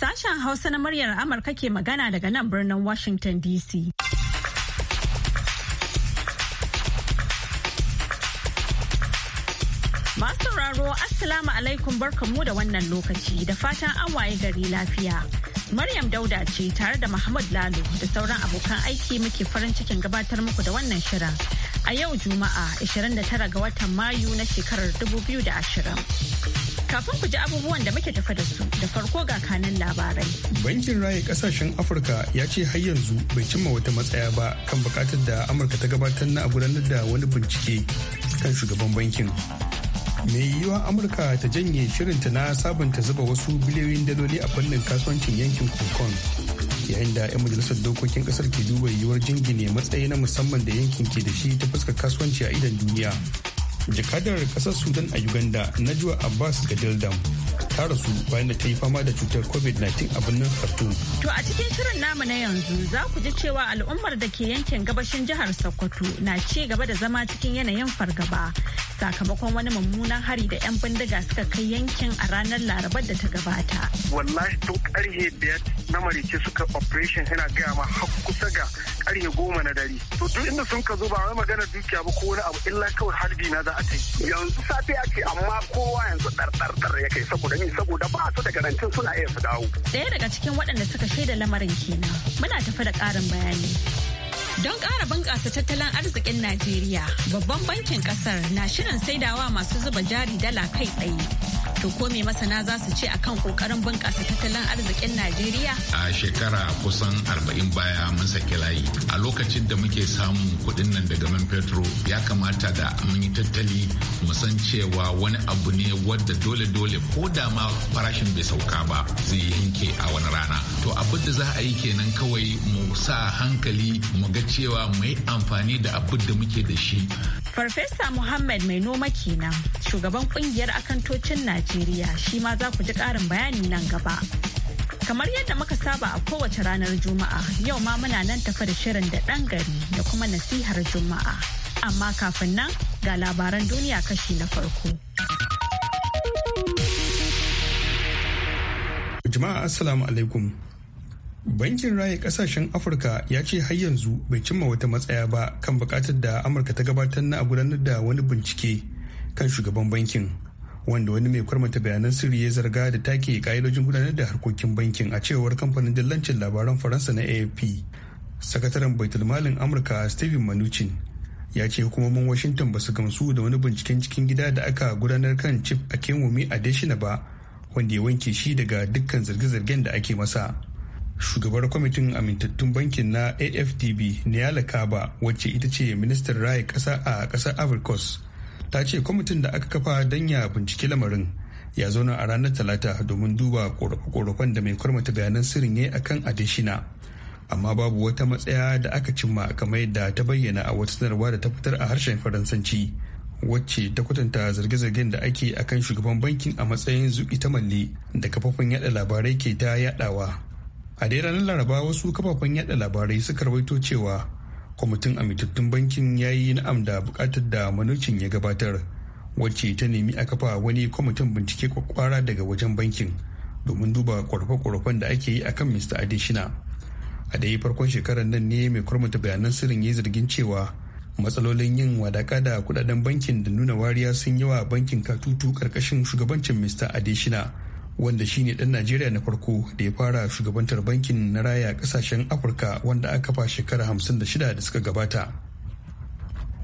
Sashen Hausa na muryar Amurka ke magana daga nan birnin Washington DC. Masu sauraro Assalamu alaikum barkanmu da wannan lokaci da fatan an waye gari lafiya. Maryam Dauda ce tare da Muhammad Lalo da sauran abokan aiki muke farin cikin gabatar muku da wannan shirin. a yau Juma'a 29 ga watan Mayu na shekarar 2020. Kafin ku ji abubuwan da muke tafa da su da farko ga kanan labarai. Bankin Raya Kasashen Afirka ya ce har yanzu bai cimma wata matsaya ba kan bukatar da Amurka ta gabatar na a gudanar da wani bincike kan shugaban bankin. Mai yiwuwa Amurka ta janye shirinta na sabunta zuba wasu biliyoyin daloli a fannin kasuwancin yankin Hong Kong. yayin da 'yan majalisar dokokin kasar ke duba yiwuwar jingine matsayi na musamman da yankin ke da shi ta fuskar kasuwanci a idon duniya jakadar kasar sudan a uganda najwa abbas gadildam ta rasu bayan da ta yi fama da cutar covid-19 a birnin khartoum to a cikin shirin namu na yanzu za ku ji cewa al'ummar da ke yankin gabashin jihar sokoto na ci gaba da zama cikin yanayin fargaba sakamakon wani mummunan hari da 'yan bindiga suka kai yankin a ranar larabar da ta gabata wallahi tun karhe biyar na marice suka operation yana gaya ma har kusa ga karhe goma na dare to duk inda sun ka zo ba wai magana dukiya ba ko wani abu illa kawai harbi na za a ta yanzu safiya ce amma kowa yanzu ɗarɗarɗar ya kai saboda ne saboda ba su da garantin suna iya su dawo. Daya daga cikin waɗanda suka shaida lamarin kenan muna tafi da ƙarin bayani. Don ƙara bunƙasa tattalin arzikin Najeriya, babban bankin ƙasar na shirin saidawa masu zuba jari dala kai tsaye. To ko me masana za su ce akan kokarin bunƙasa tattalin arzikin Najeriya? A shekara kusan arba'in baya mun saki layi. A lokacin da muke samun kuɗin nan daga man fetur ya kamata da mun yi tattali mu san cewa wani abu ne wadda dole dole ko da ma farashin bai sauka ba zai yanke a wani rana. To abin da za a yi kenan kawai mu sa hankali mu ga cewa mu amfani da abin da muke da shi. Farfesa Muhammad mai noma kenan shugaban kungiyar akantocin Najeriya shi ma za ku ji ƙarin bayani nan gaba. Kamar yadda muka saba a kowace ranar Juma'a yau ma muna nan tafa da shirin da ɗan gari da kuma nasihar Juma'a. Amma kafin nan ga labaran duniya kashi na farko. Jama'a Assalamu alaikum. bankin raya kasashen afirka ya ce har yanzu bai cimma wata matsaya ba kan bukatar da amurka ta gabatar na a gudanar da wani bincike kan shugaban bankin wanda wani mai kwarmata bayanan sirri ya zarga da take ka'idojin gudanar da harkokin bankin a cewar kamfanin dillancin labaran faransa na afp sakataren baitulmalin amurka steven manuchin ya ce hukumomin washington ba su gamsu da wani binciken cikin gida da aka gudanar kan chip a kenwomi a deshina ba wanda ya wanke shi daga dukkan zirge-zirgen da ake masa shugabar kwamitin amintattun bankin na afdb niyala kaba wacce ita ce ministan raya kasa a kasar africos ta ce kwamitin da aka kafa don ya binciki lamarin ya zauna a ranar talata domin duba korafe-korafen da mai kwarmata bayanan sirrin ya akan adeshina amma babu wata matsaya da aka cimma kamar yadda ta bayyana a wata sanarwa da ta fitar a harshen faransanci wacce ta kwatanta zarge-zargen da ake akan shugaban bankin a matsayin zuƙi ta malle da kafafen yada labarai ke ta yadawa a dai ranar laraba wasu kafafen yada labarai suka rawaito cewa kwamitin amintattun bankin ya yi na'am da bukatar da manocin ya gabatar wacce ta nemi a kafa wani kwamitin bincike kwakwara daga wajen bankin domin duba kwarfe kwarfen da ake yi a kan mr adeshina a dai farkon shekarar nan ne mai kurmata bayanan sirrin ya zargin cewa matsalolin yin wadaka da kudaden bankin da nuna wariya sun yawa bankin katutu karkashin shugabancin mr adeshina wanda shine dan najeriya na farko da ya fara shugabantar bankin na raya kasashen afirka wanda aka kafa shekara hamsin da shida suka gabata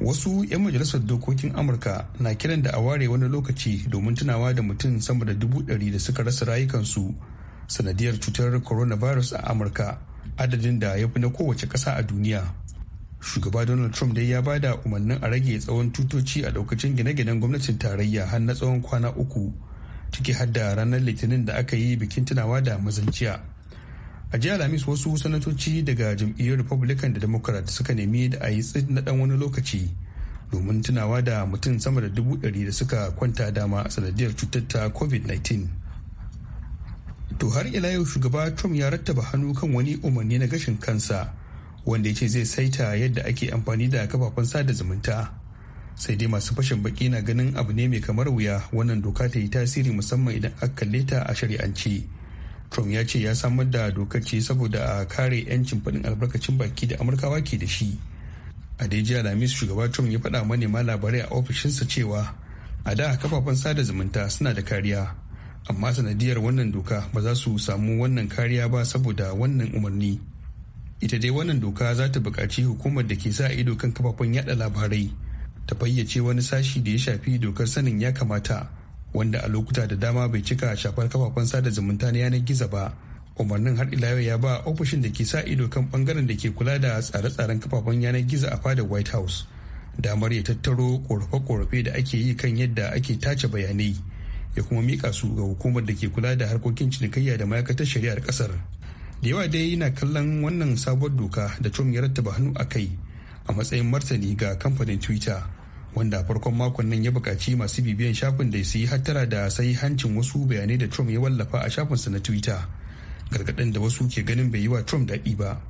wasu 'yan majalisar dokokin amurka na kiran da a ware wani lokaci domin tunawa da mutum sama da dubu ɗari da suka rasa rayukansu sanadiyar cutar coronavirus a amurka adadin da ya fi na kowace ƙasa a duniya shugaba donald trump dai ya ba da umarnin a rage tsawon tutoci a daukacin gine-ginen gwamnatin tarayya har na tsawon kwana uku ciki har da ranar litinin da aka yi bikin tunawa da mazanciya a jiya alhamis wasu sanatoci daga jam'iyyar republican da democrat suka nemi da a yi tsit na dan wani lokaci domin tunawa da mutum sama da dubu ɗari da suka kwanta dama a sanadiyar cutar ta covid-19 to har ila yau shugaba trump ya rattaba hannu kan wani umarni na gashin kansa wanda ya ce zai saita yadda ake amfani da kafafen sada zumunta sai dai masu fashin baki na ganin abu ne mai kamar wuya wannan doka ta yi tasiri musamman idan aka kalle ta a shari'ance trump ya ce ya samar da dokar ce saboda a kare 'yancin faɗin albarkacin baki da amurkawa ke da shi a dai jiya lamis shugaba trump ya faɗa manema labarai a ofishinsa cewa a da kafafen sada zumunta suna da kariya amma sanadiyar wannan doka ba za su samu wannan kariya ba saboda wannan umarni ita dai wannan doka za ta buƙaci hukumar da ke sa ido kan kafafen yada labarai ta fayyace wani sashi da ya shafi dokar sanin ya kamata wanda a lokuta da dama bai cika a shafar kafafen sada zumunta na yanar gizo ba umarnin har ila yau ya ba ofishin da ke sa ido kan bangaren da ke kula da tsare-tsaren kafafen yanar gizo a fadar white house damar ya tattaro korafe-korafe da ake yi kan yadda ake tace bayanai ya kuma mika su ga hukumar da ke kula da harkokin cinikayya da ma'aikatar shari'ar kasar da yawa dai na kallon wannan sabuwar doka da tom ya rattaba hannu a kai a matsayin martani ga kamfanin twitter wanda farkon makon nan ya buƙaci masu bibiyan shafin da su yi hattara da sai hancin wasu bayanai da trump ya wallafa a shafinsa na twitter gargaɗin da wasu ke ganin bai yi wa trump daɗi ba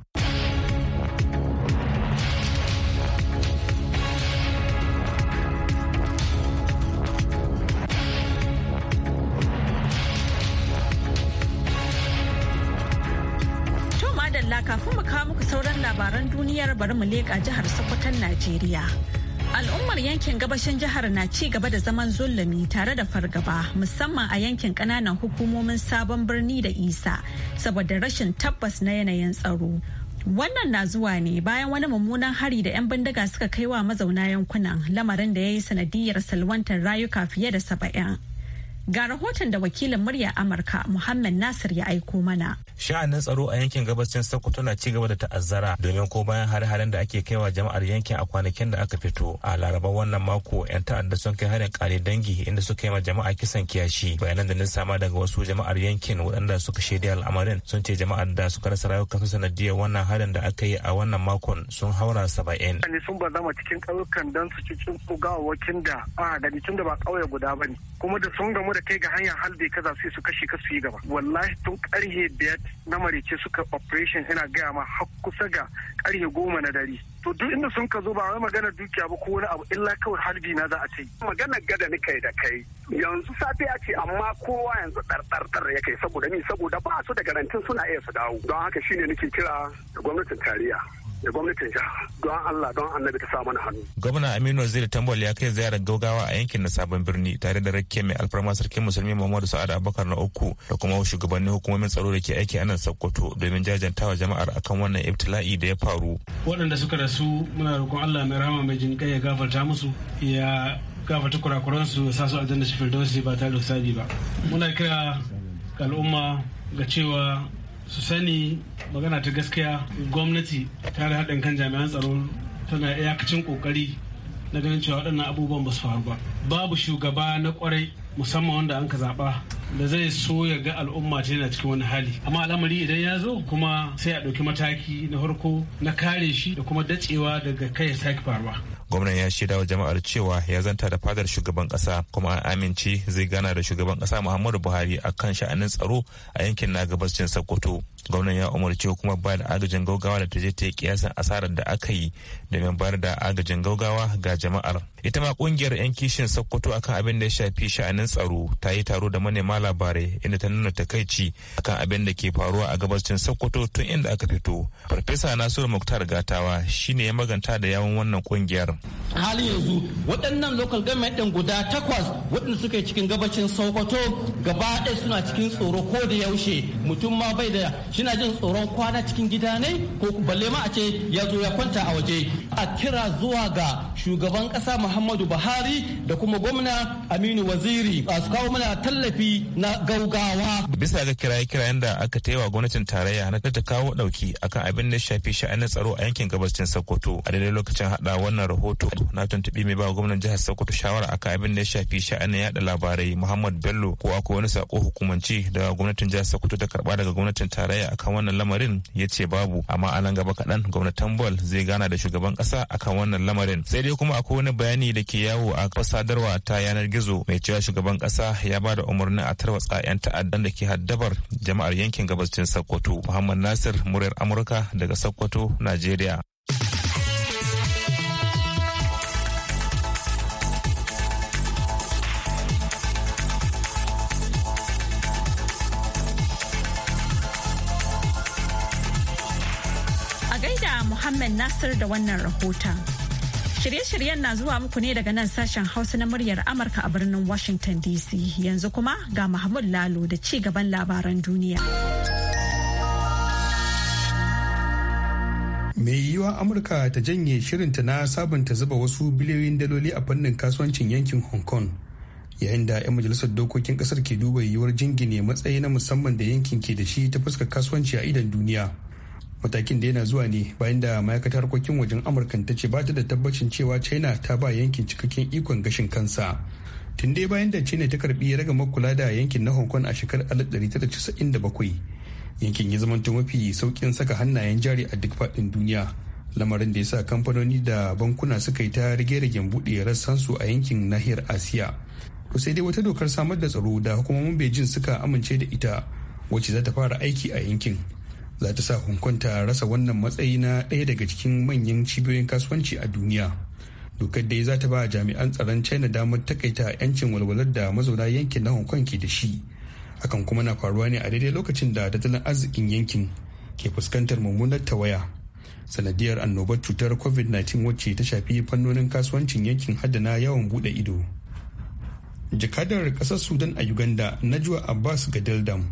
biyar bari mu leƙa jihar Sokoton Najeriya. Al'ummar yankin gabashin jihar na ci gaba da zaman zulumi tare da fargaba musamman a yankin ƙananan hukumomin sabon birni da isa saboda rashin tabbas na yanayin tsaro. Wannan na zuwa ne bayan wani mummunan hari da 'yan bindiga suka kai wa mazauna yankunan lamarin da ya yi sanadiyar salwantar rayuka fiye da saba'in. Ga rahoton da wakilin murya Amurka Muhammad Nasir ya aiko mana. Sha'anin tsaro a yankin gabashin Sokoto na cigaba da ta'azzara domin ko bayan har-haren da ake kaiwa jama'ar yankin a kwanakin da aka fito. A laraba wannan mako 'yan ta'adda sun kai harin kare dangi inda suka yi ma jama'a kisan kiyashi. Bayanan da na sama daga wasu jama'ar yankin waɗanda suka shaida al'amarin sun ce jama'ar da suka rasa rayukansu sanadiyar wannan harin da aka yi a wannan makon sun haura saba'in. sun ba zama cikin ƙauyukan don su ba ƙauye guda ba ne. Kuma da sun gamu kuma da kai ga hanyar hal halbe kaza sai su kashe ka su yi gaba wallahi tun karhe biyar na marice suka operation ina gaya ma har kusa ga karhe goma na dare to duk inda sun ka zo ba wai magana dukiya ba ko wani abu illa kawai harbi na za a ce magana gada ni kai da kai yanzu safe ce amma kowa yanzu ɗarɗarɗar ya kai saboda ni saboda ba su da garantin suna iya su dawo don haka shine nake kira da gwamnatin tarayya da gwamnatin jiha don Allah don annabi ta sa mana hannu. Gwamna Aminu Waziri Tambol ya kai ziyarar gaugawa a yankin na sabon birni tare da rakke mai alfarma sarkin musulmi Muhammadu Sa'ad Abubakar na uku da kuma shugabannin hukumomin tsaro da ke aiki a nan Sokoto domin jajantawa jama'ar akan wannan ibtila'i da ya faru. Waɗanda suka rasu muna roƙon Allah mai rahama mai jin ya gafarta musu ya gafarta kurakuransu ya sa su aljanna shi firdausi ba tare da ba. Muna kira ga al'umma ga cewa su sani magana ta gaskiya gwamnati ta da haɗin kan jami'an tsaro tana iyakacin ƙoƙari na ganin cewa waɗannan abubuwan ba su faru ba babu shugaba na kwarai musamman wanda an ka zaɓa da zai so ya ga al'umma ce na cikin wani hali amma al'amari idan ya zo kuma sai a ɗauki mataki na farko na kare shi da kuma dacewa daga kai ya sake faruwa gwamnan ya shaida wa jama'ar cewa ya zanta da fadar shugaban kasa kuma an amince zai gana da shugaban kasa muhammadu buhari a kan sha'anin tsaro a yankin na gabashin sokoto gwamnan ya umarci kuma ba da agajin gaugawa da ta je ta yi kiyasan asarar da aka yi domin bayar da agajin gaugawa ga jama'ar ita ma kungiyar yan kishin sokoto akan abin da ya shafi sha'anin tsaro ta yi taro da manema labarai inda ta nuna takaici akan abin da ke faruwa a gabashin sokoto tun inda aka fito farfesa nasiru muktar gatawa shine ya maganta da yawon wannan kungiyar halin yanzu waɗannan local government ɗin guda takwas waɗanda suke cikin gabacin sokoto gaba ɗaya suna cikin tsoro ko da yaushe mutum ma bai da shina jin tsoron kwana cikin gida ne ko balle ma a ce ya zo ya kwanta a waje a kira zuwa ga shugaban ƙasa muhammadu buhari da kuma gwamna aminu waziri a su kawo mana tallafi na gaugawa. Bisa ga kiraye-kirayen da aka taiwa gwamnatin tarayya na ta kawo ɗauki akan abin da shafi sha'anin tsaro a yankin gabashin Sokoto. A daidai lokacin haɗa wannan rahoto na tuntuɓi mai ba gwamnan jihar Sokoto shawara akan abin da ya shafi sha'anin yaɗa labarai Muhammad Bello ko akwai wani sako hukumanci da gwamnatin jihar Sokoto ta karba daga gwamnatin tarayya akan wannan lamarin ya ce babu amma a nan gaba kaɗan gwamnatin Bol zai gana da shugaban ƙasa akan wannan lamarin. Sai dai kuma akwai wani bayani da ke yawo a sadarwa ta yanar gizo mai cewa shugaban ƙasa ya ba da umarni a tarwatsa 'yan ta'addan da ke haddabar jama'ar yankin gabacin Sokoto. Muhammad Nasir muryar Amurka daga Sokoto, Najeriya. Muhammad Nasir da wannan rahoton. Shirye-shiryen na zuwa muku ne daga nan sashen Hausa na muryar Amurka a birnin Washington DC. Yanzu kuma ga Mahmud Lalo da ci gaban labaran duniya. Mai yiwuwa Amurka ta janye shirinta na sabunta zuba wasu biliyoyin daloli a fannin kasuwancin yankin Hong Kong. Yayin da 'yan majalisar dokokin kasar ke duba yiwuwar jingine matsayi na musamman da yankin ke da shi ta fuskar kasuwanci a idon duniya. matakin da yana zuwa ne bayan da ma'aikatar harkokin wajen amurka ta ce bata da tabbacin cewa china ta ba yankin cikakken ikon gashin kansa tun dai bayan da china ta karbi ragamar makula da yankin na hong kong a shekarar 1997 yankin ya zamanta mafi saukin saka hannayen jari a duk faɗin duniya lamarin da ya sa kamfanoni da bankuna suka yi ta rage-ragen buɗe rassansu a yankin nahiyar asiya to sai dai wata dokar samar da tsaro da hukumomin beijing suka amince da ita wacce za ta fara aiki a yankin za ta sa hong kong ta rasa wannan matsayi na ɗaya daga cikin manyan cibiyoyin kasuwanci a duniya dokar dai za ta ba jami'an tsaron china damar takaita 'yancin walwalar da mazauna yankin na hong kong ke da shi hakan kuma na faruwa ne a daidai lokacin da tattalin arzikin yankin ke fuskantar mummunar tawaya sanadiyar annobar cutar covid-19 wacce ta shafi fannonin kasuwancin yankin haddana yawan bude ido jakadar kasar sudan a uganda najwa abbas gadildam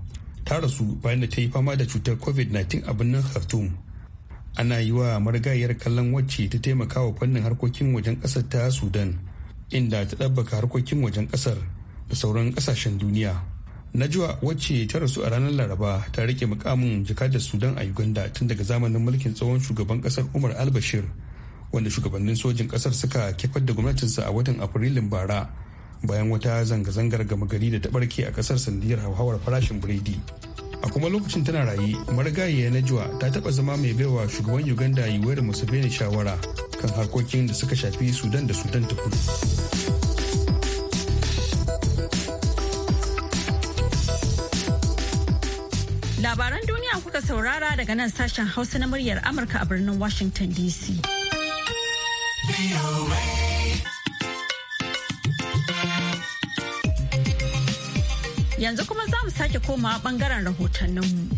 ta rasu bayan da ta yi fama da cutar covid-19 a birnin khartoum ana yi wa marigayar kallon wacce ta taimaka wa fannin harkokin wajen ƙasar ta sudan inda ta ɗabbaka harkokin wajen ƙasar da sauran ƙasashen duniya najwa wacce ta rasu a ranar laraba ta rike mukamin jakadar sudan a uganda tun daga zamanin mulkin tsohon shugaban kasar umar albashir wanda shugabannin sojin kasar suka kifar da gwamnatinsa a watan afrilun bara bayan wata zanga-zangar gama gari da ta barke a kasar sandiyar hauhawar farashin biredi a kuma lokacin tana rayu marigayiya na juwa ta taba zama mai baiwa shugaban uganda yiwuwar museveni shawara kan harkokin da suka shafi sudan da sudan ta kudu labaran duniya kuka saurara daga nan sashen hausa na muryar amurka a birnin washington dc Yanzu kuma za mu sake komawa bangaren rahotanninmu.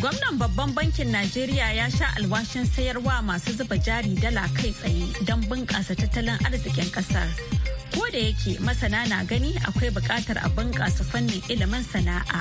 Gwamnan babban bankin Najeriya ya sha alwashin sayarwa masu zuba jari dala kai tsaye don bunƙasa tattalin arzikin ƙasar. Ko da yake masana na gani akwai buƙatar a bunƙasa fannin ilimin sana'a.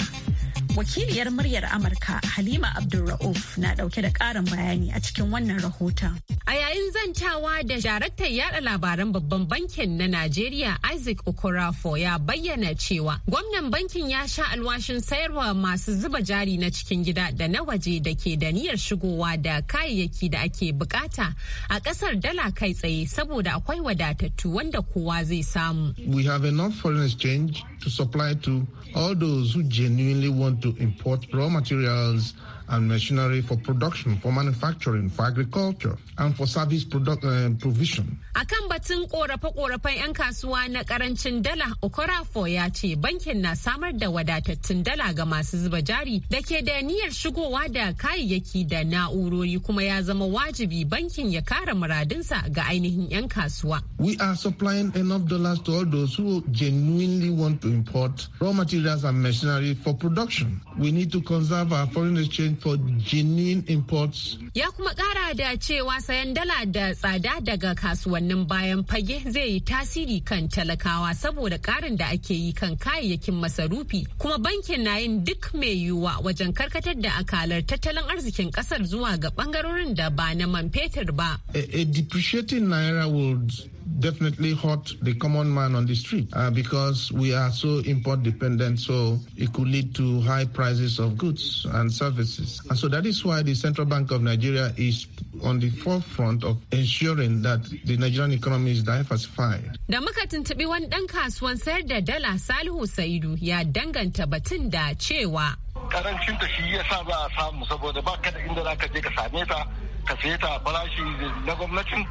Wakiliyar muryar Amurka Halima Abdulra'uf na ɗauke da ƙarin bayani a cikin wannan rahoton. A yayin zantawa da daraktan yada labaran babban bankin na Najeriya Isaac Okorafo ya bayyana cewa gwamnan bankin ya sha alwashin sayarwa masu zuba jari na cikin gida da na waje da ke da niyyar shigowa da kayayyaki da ake bukata a kasar dala kai tsaye saboda akwai wadatattu wanda kowa zai samu. We have enough foreign exchange to supply to all those who genuinely want to import raw materials and machinery for production, for manufacturing, for agriculture, and for service product, uh, provision. A kan batun korafe-korafen 'yan kasuwa na karancin dala, Okorafo ya ce bankin na samar da wadatattun dala ga masu zuba jari da ke da niyyar shigowa da kayayyaki da na'urori kuma ya zama wajibi bankin ya kare muradinsa ga ainihin 'yan kasuwa. We are supplying enough dollars to all those who genuinely want to import raw materials and machinery for production. We need to conserve our foreign exchange import genuine imports ya kuma kara da cewa sayan dala da tsada daga kasuwannin bayan fage zai yi tasiri kan talakawa saboda karin da ake yi kan kayayyakin masarufi kuma bankin na yin duk mai yiwuwa wajen karkatar da akalar tattalin arzikin kasar zuwa ga bangarorin da ba na man fetur ba a, a depreciating naira would definitely hurt the common man on the street uh, because we are so import dependent. So it could lead to high prices of goods and services. And so that is why the Central Bank of Nigeria is on the forefront of ensuring that the Nigerian economy is diversified. Da muka tuntubi wani ɗan kasuwan sayar da dala Salihu Saidu ya danganta batun da cewa. Karancin shi ya sa ba a samu saboda ba ka da inda za ka je ka same ta, ka saye ta farashi na gwamnatin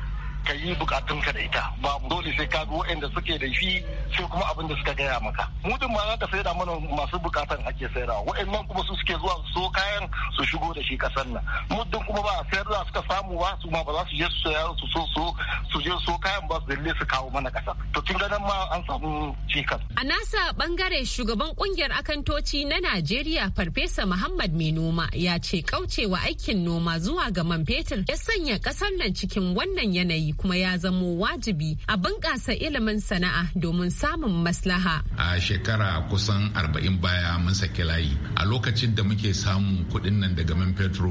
ka yi ka da ita ba dole sai ka bi wa'anda suke da shi sai kuma abin da suka gaya maka mutum ma za ka saida mana masu bukatan ake saida wa'annan kuma su suke zuwa su so kayan su shigo da shi kasar nan mutum kuma ba sayar da suka samu ba su ma ba za su je su saya su so so su je so kayan ba su dalle su kawo mana kasa to tun ga nan ma an samu cikas a nasa bangare shugaban kungiyar akantoci na Najeriya farfesa Muhammad Mai noma ya ce kaucewa aikin noma zuwa ga man fetur ya sanya kasar nan cikin wannan yanayi kuma ya zamo wajibi a bunƙasa ilimin sana'a domin samun maslaha. A shekara kusan arba'in baya mun saki layi. A lokacin da muke samun kuɗin nan daga man fetur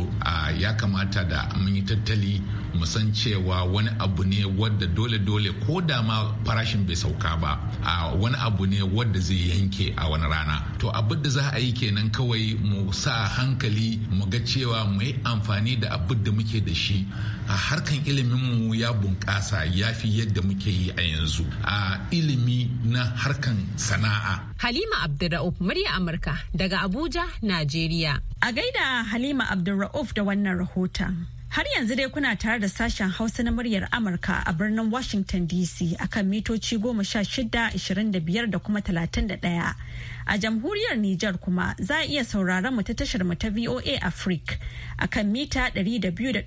ya kamata da mun yi tattali mu san cewa wani abu ne wadda dole-dole ko da ma farashin bai sauka ba a wani abu ne wadda zai yanke a wani rana. To abin da za a yi kenan kawai mu sa hankali mu ga cewa mu yi amfani da abin da muke da shi a harkan iliminmu ya bunƙasa ya fi yadda muke yi a yanzu a ilimi na harkan sana'a. Halima Abdulra'uf murya Amurka daga Abuja, Najeriya. A gaida Halima Abdulra'uf da wannan rahoton. Har yanzu dai kuna tare da sashen Hausa na muryar Amurka a birnin Washington DC a kan mitoci goma sha shida, ishirin da kuma talatin da ɗaya. A jamhuriyar Nijar kuma za a iya sauraron mu ta tashar mu ta VOA Africa kan mita ɗari da biyu da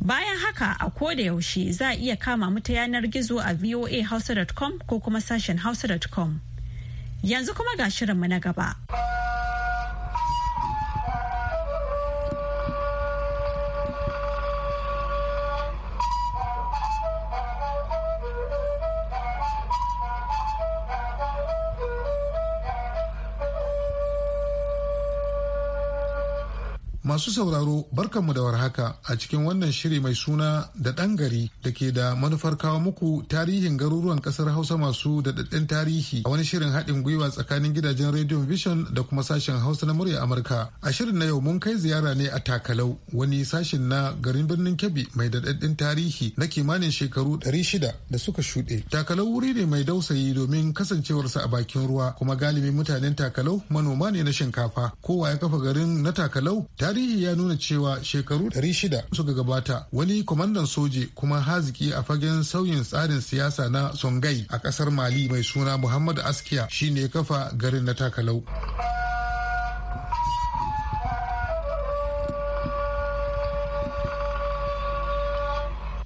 Bayan haka a koda yaushe za a iya kama mu ta yanar gizo a voahausa.com ko kuma sashen hausa.com. Yanzu kuma ga shirinmu na gaba. Masu sauraro barkanmu da warhaka a cikin wannan shiri mai suna da ɗan gari da ke da manufar kawo muku tarihin garuruwan ƙasar Hausa masu daɗaɗɗen tarihi a wani shirin haɗin gwiwa tsakanin gidajen rediyon Vision da kuma sashen Hausa na murya Amurka. A shirin na yau mun kai ziyara ne a Takalau wani sashen na garin birnin Kebbi mai daɗaɗɗen tarihi na kimanin shekaru ɗari shida da suka shuɗe. Takalau wuri ne mai dausayi domin kasancewarsa a bakin ruwa kuma galibi mutanen Takalau manoma ne na shinkafa kowa ya kafa garin na Takalau tarihi tarihi ya nuna cewa shekaru 600 suka gabata wani kwamandan soji kuma haziki a fagen sauyin tsarin siyasa na songai a kasar mali mai suna muhammadu askiya shine kafa garin na takalau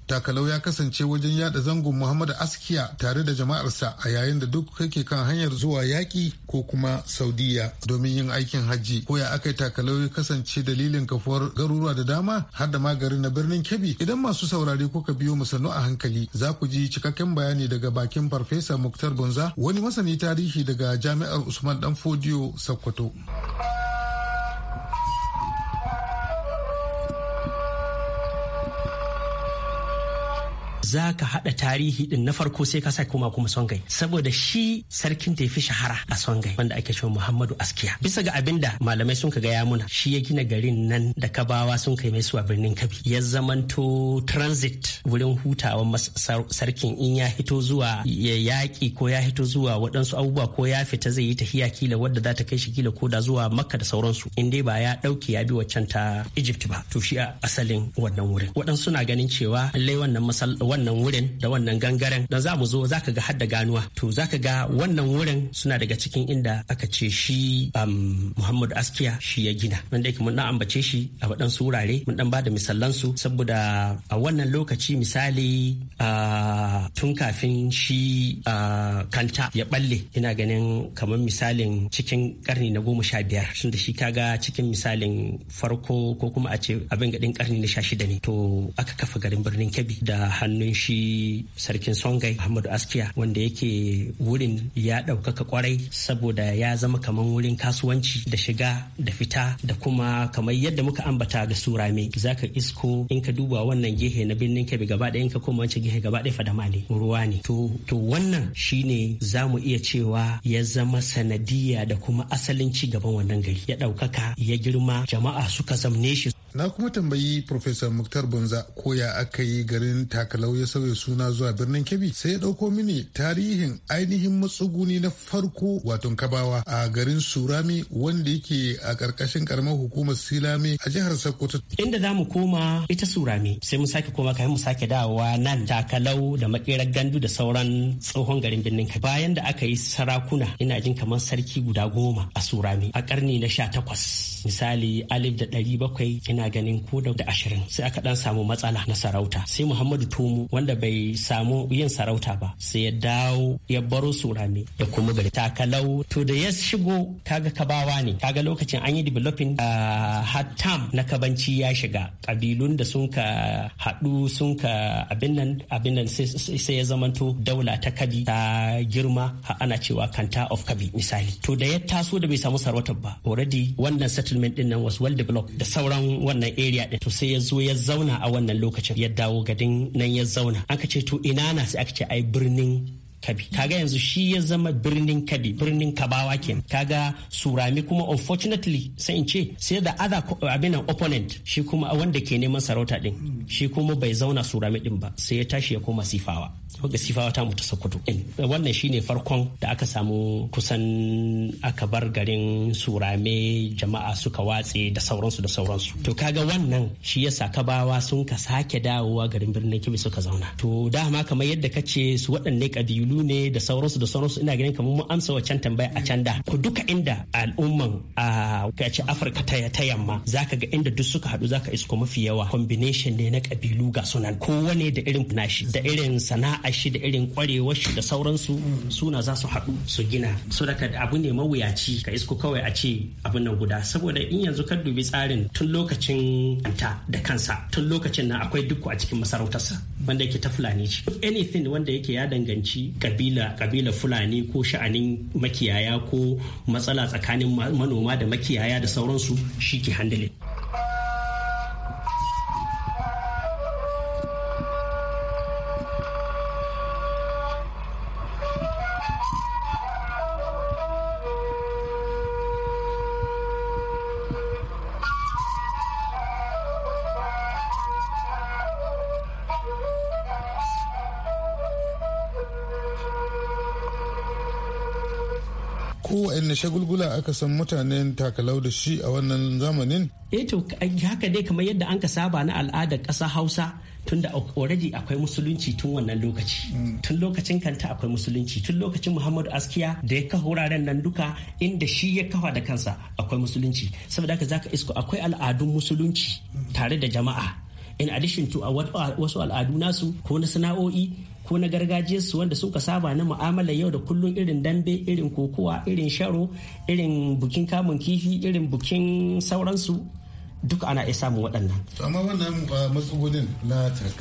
takalau ya kasance wajen yada zangon muhammadu askiya tare da jama'arsa a yayin da duk kake kan hanyar zuwa yaƙi ko kuma saudiya domin yin aikin hajji ko ya aka takalau ya kasance dalilin kafuwar garuruwa da dama har da magarin na birnin kebbi idan masu saurare kuka biyo mu sannu a hankali za ku ji cikakken bayani daga bakin farfesa muktar bonza wani masani tarihi daga jami'ar usman dan fodiyo sokoto za ka haɗa tarihi din na farko sai ka sa koma kuma songai saboda shi sarkin da ya fi shahara a songai wanda ake cewa muhammadu askiya bisa ga abin da malamai sun ka gaya muna shi ya gina garin nan da kabawa sun kai mai su a birnin kabi ya zamanto transit wurin hutawa sarkin in ya hito zuwa ya yaƙi ko ya hito zuwa waɗansu abubuwa ko ya fita zai yi tahiya kila wadda za ta kai shi kila ko da zuwa makka da sauransu in dai ba ya ɗauki ya bi waccan ta egypt ba to shi a asalin wannan wurin waɗansu na ganin cewa lallai wannan wannan wurin da wannan gangaren don za mu zo za ka ga har da ganuwa to za ka ga wannan wurin suna daga cikin inda aka ce shi um, muhammadu askiya shi ya gina wanda yake mun na ambace shi a waɗansu wurare mun dan bada misalan su saboda a wannan lokaci misali tun kafin shi kanta ya balle ina ganin kamar misalin cikin karni na goma sha biyar sun da shi kaga cikin misalin farko ko kuma a ce abin gaɗin karni na sha shida ne to aka kafa garin birnin kebbi da hannu domin shi sarkin songai ahmadu Askiya wanda yake wurin ya ɗaukaka kwarai saboda ya zama kamar wurin kasuwanci da shiga da fita da kuma kamar yadda muka ambata ga surame zaka isko in ka duba wannan gehe na birnin kebe gaba ɗaya in ka koma wancan gehe gaba ɗaya fadama ne ruwa ne to wannan shi ne za mu iya cewa ya zama sanadiyya da kuma asalin ci gaban wannan gari ya ɗaukaka ya girma jama'a suka zamne shi na kuma tambayi professor muktar bunza ko ya aka yi garin takalau ya sauya suna zuwa birnin kebbi sai ya dauko mini tarihin ainihin matsuguni na farko wato kabawa a garin surami wanda yake a karkashin karamar hukumar silame a jihar sokoto inda za mu koma ita surami sai mu sake koma kai mu sake dawowa nan takalau da makerar gandu da sauran tsohon garin birnin kebbi bayan da aka yi sarakuna ina jin kamar sarki guda goma a surami a karni na sha takwas misali alif da ɗari bakwai kina ina ganin ko da ashirin sai aka dan samu matsala na sarauta sai muhammadu tumu wanda bai samu yin sarauta ba sai ya dawo ya baro rame da kuma gari takalau to da ya shigo kaga kabawa ne kaga lokacin an yi developing a ah, hatam na kabanci ya shiga kabilun da sun ka haɗu sun ka abin nan abin nan sai ya zamanto daula ta kabi ta girma ana cewa kanta of kabi misali to da ya taso da bai samu sarautar ba already wannan settlement din nan was well developed da sauran wannan area din to sai ya zo ya zauna a wannan lokacin ya dawo gadin nan ya zauna aka ce to ina na sai aka ce ai birnin kabi kaga yanzu shi ya zama birnin kabi birnin kabawa ke kaga surami kuma unfortunately sai in ce sai da ada abin opponent shi kuma wanda ke neman sarauta din shi kuma bai zauna surami din ba sai ya tashi ya koma sifawa ga sifawa ta mutu sokoto wannan shi ne farkon da aka samu kusan aka bar garin surame jama'a suka watse da sauransu da sauransu to kaga wannan shi yasa kabawa sun ka sake dawowa garin birnin kibi suka zauna to dama kamar yadda ka ce su waɗanne kabilu al'adu ne da sauransu da sauransu ina ganin kamar mun amsa wancan tambaya a can da ku duka inda al'umman a kace afirka ta yamma zaka ga inda duk suka haɗu zaka isko mafi yawa combination ne na kabilu ga sunan kowane da irin nashi da irin sana'a shi da irin kwarewar shi da sauransu suna za su haɗu su gina so daga abu ne mawuyaci ka isko kawai a ce abin nan guda saboda in yanzu ka dubi tsarin tun lokacin anta da kansa tun lokacin nan akwai dukku a cikin masarautarsa wanda yake ta fulani ce anything wanda yake ya danganci kabila kabila fulani ko sha'anin makiyaya ko matsala tsakanin manoma da makiyaya da sauransu shi ke handle shagulgula aka san mutanen takalau da shi a wannan zamanin? eh to haka dai kamar yadda an ka saba na al'adar ƙasa hausa tun da already akwai musulunci tun wannan lokaci hmm. tun lokacin kanta akwai musulunci tun lokacin muhammadu askiya da ya kafa wuraren nan duka inda shi ya kafa da kansa akwai musulunci saboda haka zaka isko akwai al'adun musulunci tare da jama'a in addition to wasu al'adu nasu ko na sana'o'i ko na gargajiyarsu wanda suka saba na mu'amala yau da kullum irin dambe irin kokowa irin sharo irin bukin kamun kifi irin bukin sauransu duk ana iya samun waɗannan. amma wannan uh, matsugunin na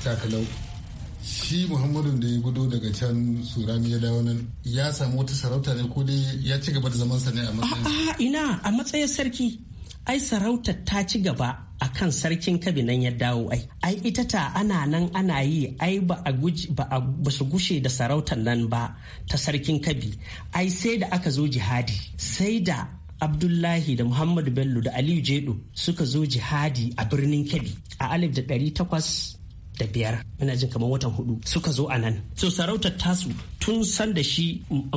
takalau shi Muhammadu da ya gudo daga can surani ya dawo nan ya samu wata sarauta ne ko dai ya ci gaba da zaman sa ne a matsayin ina a matsayin sarki ai sarautar ta ci gaba a kan sarkin kabinan ya dawo ai ai ita ta ana nan ana yi ai ba a ba su gushe da sarautar nan ba ta sarkin kabi ai sai da aka zo jihadi sai da abdullahi da muhammadu bello da aliyu jedo suka zo jihadi a birnin kabi a alif da ɗari takwas da biyar ina jin kamar watan hudu suka zo a nan so sarautar tasu tun san da shi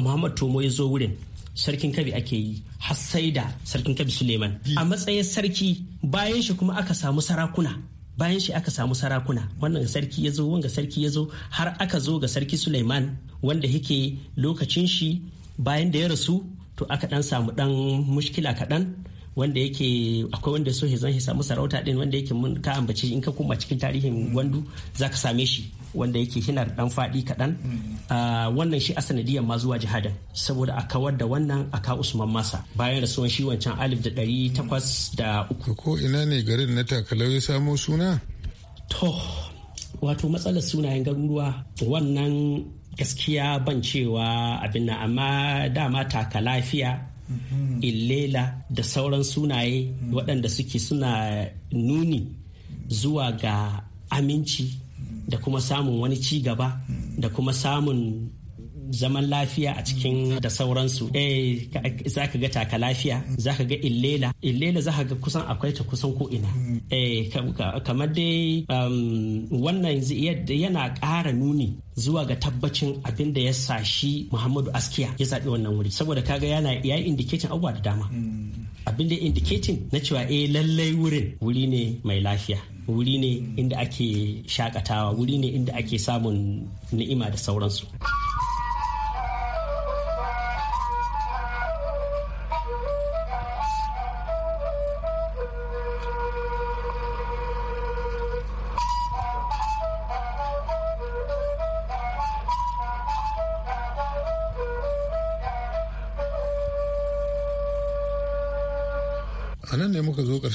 muhammad tomo ya zo wurin sarkin kabi ake yi har da sarkin kabi suleiman a matsayin sarki bayan shi kuma aka samu sarakuna bayan shi aka samu sarakuna wannan sarki ya zo wanga sarki ya zo har aka zo ga sarki suleiman wanda yake lokacin shi bayan da ya rasu to aka dan samu dan mushkila kaɗan wanda yake akwai wanda so zan ya samu sarauta din wanda yake mun ka ambaci in ka kuma cikin tarihin mm. gwandu zaka same shi wanda yake hinar dan fadi kaɗan mm. ah, wannan shi a sanadiyar ma zuwa jihadin saboda a kawar da wannan a ka usman masa bayan rasuwan shi wancan alif da ɗari takwas da uku ko ina ne garin na takalau ya samo suna to wato matsalar sunayen garuruwa wannan gaskiya ban cewa abin nan amma dama taka lafiya Mhm. illela da sauran sunaye mhm. waɗanda suke suna nuni zuwa ga aminci mhm. da kuma samun wani cigaba gaba da kuma samun zaman lafiya a cikin da sauransu eh za ka ga taka lafiya za ka ga illela illela za ka ga kusan akwai ta kusan ko ina eh kamar dai um, wannan yana ƙara nuni zuwa ga tabbacin abin da ya sashi Muhammadu Askiya ya zaɓi wannan wuri saboda kaga yana ya indicating abubuwa da dama abin da indicating na cewa eh lallai wurin wuri ne mai lafiya wuri ne inda ake shakatawa wuri ne inda ake samun ni'ima da sauransu.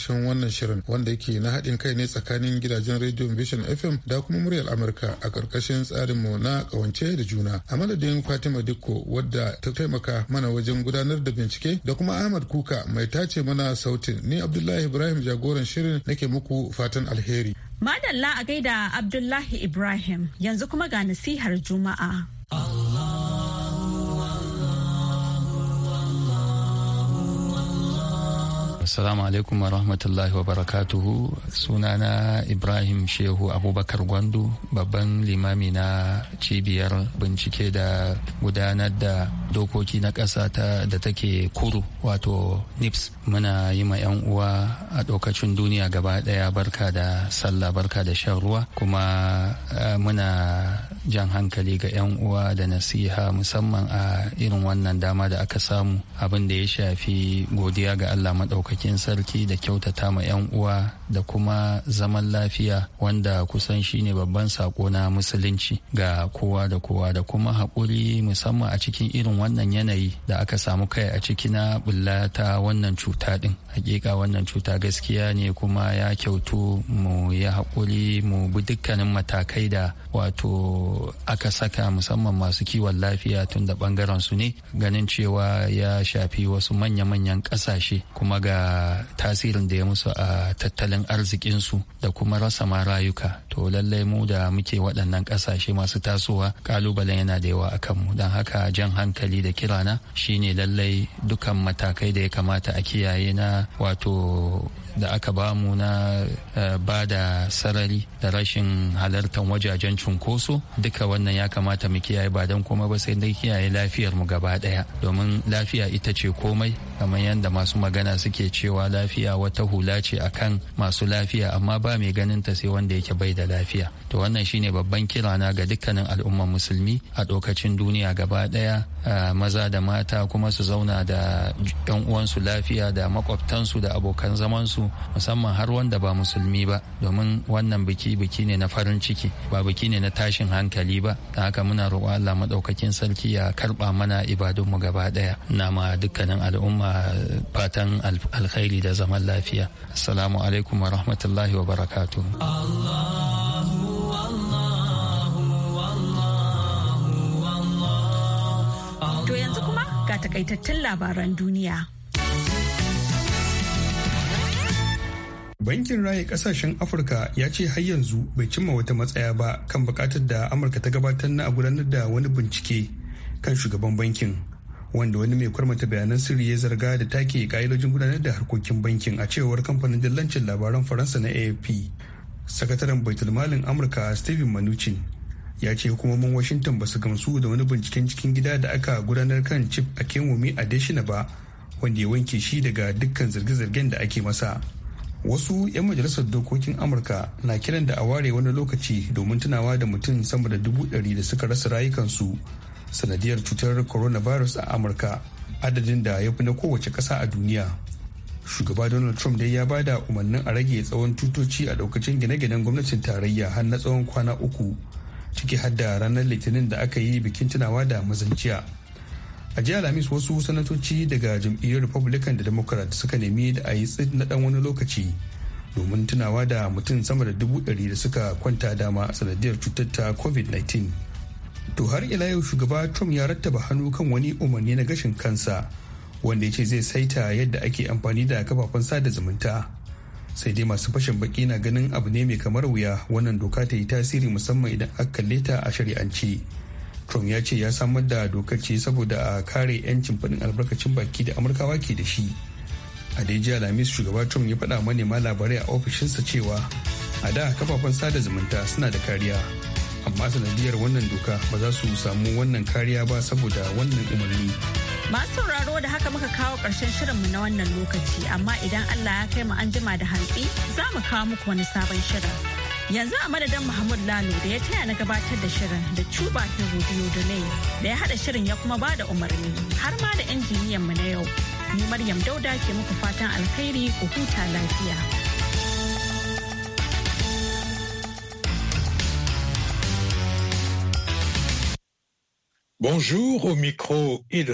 karshen wannan shirin wanda yake na haɗin kai ne tsakanin gidajen Radio Vision FM da kuma muryar Amurka a ƙarƙashin tsarinmu na ƙawance da juna. A madadin Fatima Dikko wadda ta taimaka mana wajen gudanar da bincike da kuma Ahmad Kuka mai tace mana sautin ni Abdullahi Ibrahim jagoran shirin nake muku fatan alheri. Madalla a gaida Abdullahi Ibrahim yanzu kuma ga nasihar Juma'a. Assalamu alaikum wa rahmatullahi wa barakatuhu sunana Ibrahim Shehu Abubakar Gwandu babban limami na cibiyar bincike da gudanar da dokoki na ƙasa ta da take kuru wato NIPS muna yi ma 'yan uwa a ɗaukacin duniya gaba ɗaya barka da sallah barka da shan ruwa kuma eh, muna jan hankali ga 'yan uwa da nasiha musamman a irin wannan dama da aka samu abin da ya shafi godiya ga allah maɗaukakin sarki da kyautata ma 'yan uwa da kuma zaman lafiya wanda kusan shine babban sako na musulunci ga kowa da kowa da kuma haƙuri musamman a cikin irin wannan yanayi da aka samu kai a ciki na bullata wannan cuta ɗin hakika wannan cuta gaskiya ne kuma ya kyautu mu yi haƙuri mu bi dukkanin matakai da wato aka saka musamman masu kiwon lafiya tun da bangaren su ne ganin cewa ya shafi wasu manya-manyan kasashe kuma ga tasirin da ya musu a tattalin arzikinsu da kuma rasa ma rayuka to lallai mu da muke waɗannan kasashe masu tasowa kalubalen yana da yawa akan mu don haka jan hankali da kirana shine lallai dukan matakai da ya kamata a kiyaye na wato da aka bamu na eh, ba da sarari da rashin halartar wajajen cunkoso duka wannan ya kamata mu kiyaye ba don komai ba sai dai kiyaye lafiyar mu gaba daya domin lafiya ita ce komai kamar yadda masu magana suke cewa lafiya wata hula ce akan masu lafiya amma ba mai ganin ta sai wanda yake bai da lafiya to wannan shine babban kirana ga dukkanin al'umman musulmi a dokacin duniya gaba daya eh, maza da mata kuma su zauna da yan uwansu lafiya da makwabtansu da abokan zamansu musamman har wanda ba musulmi ba domin wannan biki biki ne na farin ciki ba biki ne na tashin hankali ba ta haka muna roƙo Allah maɗaukakin sarki ya karɓa mana ibadunmu gaba ɗaya na ma dukkanin al'umma fatan alkhairi da zaman lafiya assalamu alaikum wa rahmatullahi wa barakatuh To yanzu kuma ga takaitattun labaran duniya. bankin raya kasashen afirka ya ce har yanzu bai cimma wata matsaya ba kan bukatar da amurka ta gabatar na a gudanar da wani bincike kan shugaban bankin wanda wani mai kwarmata bayanan sirri ya zarga da take ka'idojin gudanar da harkokin bankin a cewar kamfanin dillancin labaran faransa na afp sakataren baitulmalin amurka stephen manuchin ya ce hukumomin washington ba su gamsu da wani binciken cikin gida da aka gudanar kan chip a kenwomi a ba wanda ya wanke shi daga dukkan zirge-zirgen da ake masa wasu 'yan majalisar dokokin amurka na kiran da a ware wani lokaci domin tunawa da mutum sama da dubu ɗari da suka rasa rayukansu sanadiyar cutar coronavirus a amurka adadin da ya fi na kowace ƙasa a duniya shugaba donald trump dai ya ba da umarnin a rage tsawon tutoci a lokacin gine-ginen gwamnatin tarayya har na tsawon kwana uku ciki har da ranar litinin da aka yi bikin tunawa da mazanciya a jiya lamis wasu sanatoci daga jam'iyyar republican da democrat suka nemi da a yi tsit na dan wani lokaci domin tunawa da mutum sama da dubu ɗari da suka kwanta dama a sanadiyar cutar ta covid-19 to har ila yau shugaba trump ya rattaba hannu kan wani umarni na gashin kansa wanda ya ce zai saita yadda ake amfani da kafafen sada zumunta sai dai masu fashin baki na ganin abu ne mai kamar wuya wannan doka ta yi tasiri musamman idan aka kalle ta a shari'ance trump ya ce ya samar da dokar ce saboda a kare 'yancin faɗin albarkacin baki da amurkawa ke da shi a dai alhamis shugaba trump ya faɗa manema labarai a ofishinsa cewa a da kafafen sada zumunta suna da kariya amma sanadiyar wannan doka ba za su samu wannan kariya ba saboda wannan umarni. Masu sauraro da haka muka kawo ƙarshen mu na wannan lokaci amma idan Allah ya kai mu an jima da hantsi za mu kawo muku wani sabon shirin. yanzu a madadin mahmud lalo da ya taya na gabatar da shirin da cuba ta rediyo da ne da ya hada shirin ya kuma bada umarni har ma da injiniyan mu na yau ni maryam dauda ke muku fatan alkhairi ku huta lafiya Bonjour au micro Idriss.